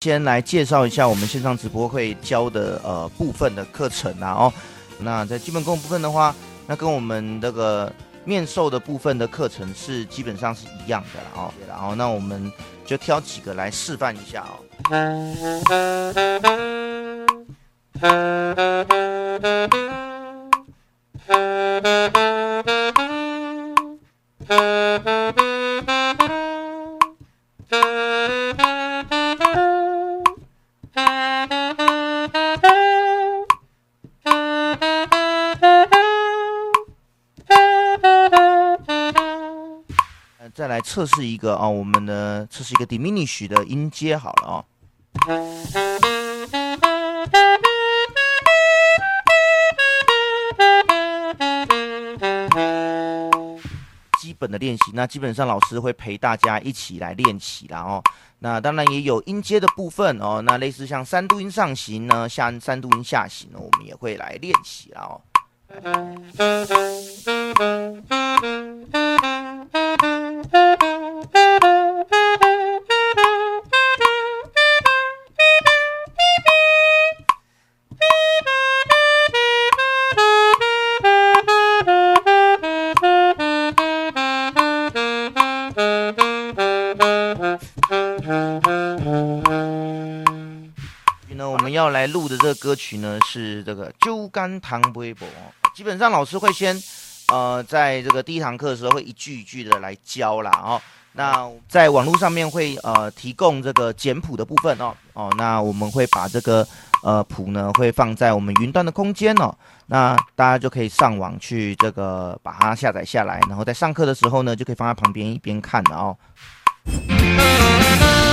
先來介紹一下我們線上直播會教的呃部分的課程啊哦，那在基本功部分的話，那跟我們那個面授的部分的課程是基本上是一樣的了哦， 然後那我們就挑幾個來示範一下哦。嗯嗯嗯嗯嗯嗯嗯再來測試一個啊、哦，我們的測試一個 diminish 的音階好了哦。基本的練習，那基本上老師會陪大家一起來練習啦哦。那當然也有音階的部分哦，那類似像三度音上行呢，下三度音下行呢，我們也會來練習啦哦。來錄的這個歌曲呢，是這個《酒干倘賣無》。基本上老師會先，呃，在這個第一堂課的時候會一句一句的來教啦哦。那在網絡上面會呃提供這個簡譜的部分哦哦，那我們會把這個呃譜呢會放在我們雲端的空間哦，那大家就可以上網去這個把它下載下來，然後在上課的時候呢就可以放在旁邊一邊看的，哦，嗯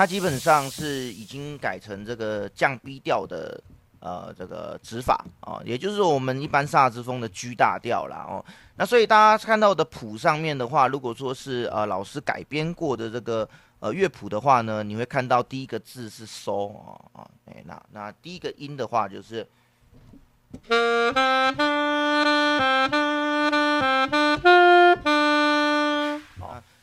它基本上是已經改成這個降 B 調的，呃，這個指法啊，哦，也就是說我們一般薩之風的 G 大調啦哦。那所以大家看到的譜上面的話，如果說是呃老師改編過的這個呃樂譜的話呢，你會看到第一個字是 so 啊啊，那那第一個音的話就是。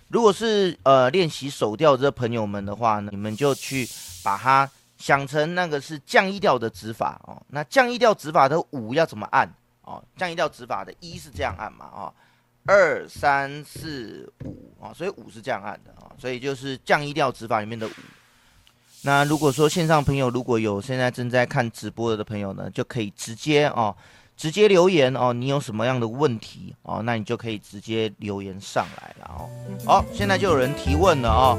如果是呃練習手調的朋友們的話呢，你們就去把它想成那個是降一調的指法哦。那降一調指法的五要怎麼按哦？降一調指法的一是這樣按嘛哦，二三四五啊，所以五是這樣按的啊哦，所以就是降一調指法裡面的五。那如果說線上朋友如果有現在正在看直播的朋友呢，就可以直接哦。直接留言哦，你有什麼樣的問題哦？那你就可以直接留言上來啦。哦。好，哦，現在就有人提問了哦，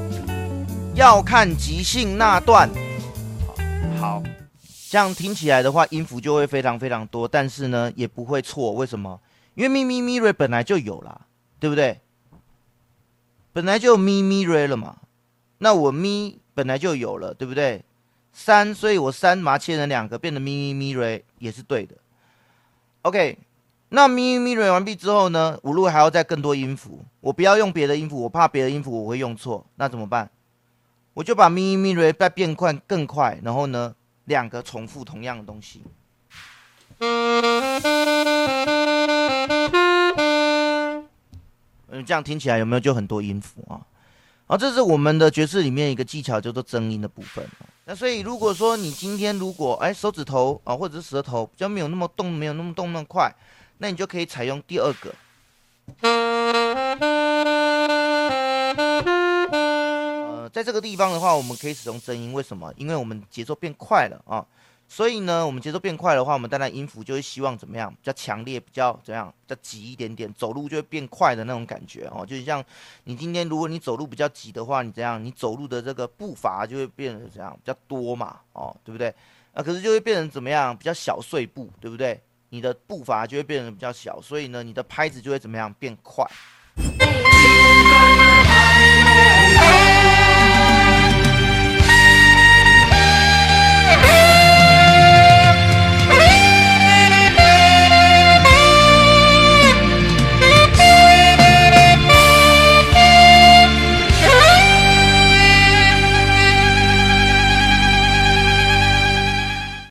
要看即興那段。好，好，這樣聽起來的話，音符就會非常非常多，但是呢，也不會錯。為什麼？因為咪咪咪瑞本來就有啦，對不對？本來就咪咪瑞了嘛，那我咪本來就有了，對不對？三，所以我三麻切成兩個，變得咪咪咪瑞也是對的。OK，那咪咪瑞完畢之後呢，我如果還要再更多音符，我不要用別的音符，我怕別的音符我會用錯。那怎麼辦？我就把咪咪瑞再變快更快，然後呢，兩個重複同樣的東西。嗯，這樣聽起來有沒有就很多音符啊？啊，這是我們的爵士裡面一個技巧，叫做增音的部分。那所以，如果說你今天如果哎、欸、手指頭啊或者是舌頭比較沒有那麼動，沒有那麼動那麼快，那你就可以採用第二個、啊。在這個地方的話，我們可以使用聲音，為什麼？因為我們節奏變快了啊。所以呢，我們節奏變快的話，我們帶來音符就會希望怎麼樣，比較強烈，比較怎樣，再急一點點，走路就會變快的那種感覺哦，就像你今天如果你走路比較急的話，你怎樣，你走路的這個步伐就會變得怎樣，比較多嘛，哦，對不對？那、啊、可是就會變成怎麼樣，比較小碎步，對不對？你的步伐就會變得比較小，所以呢，你的拍子就會怎麼樣，變快。嗯嗯嗯嗯。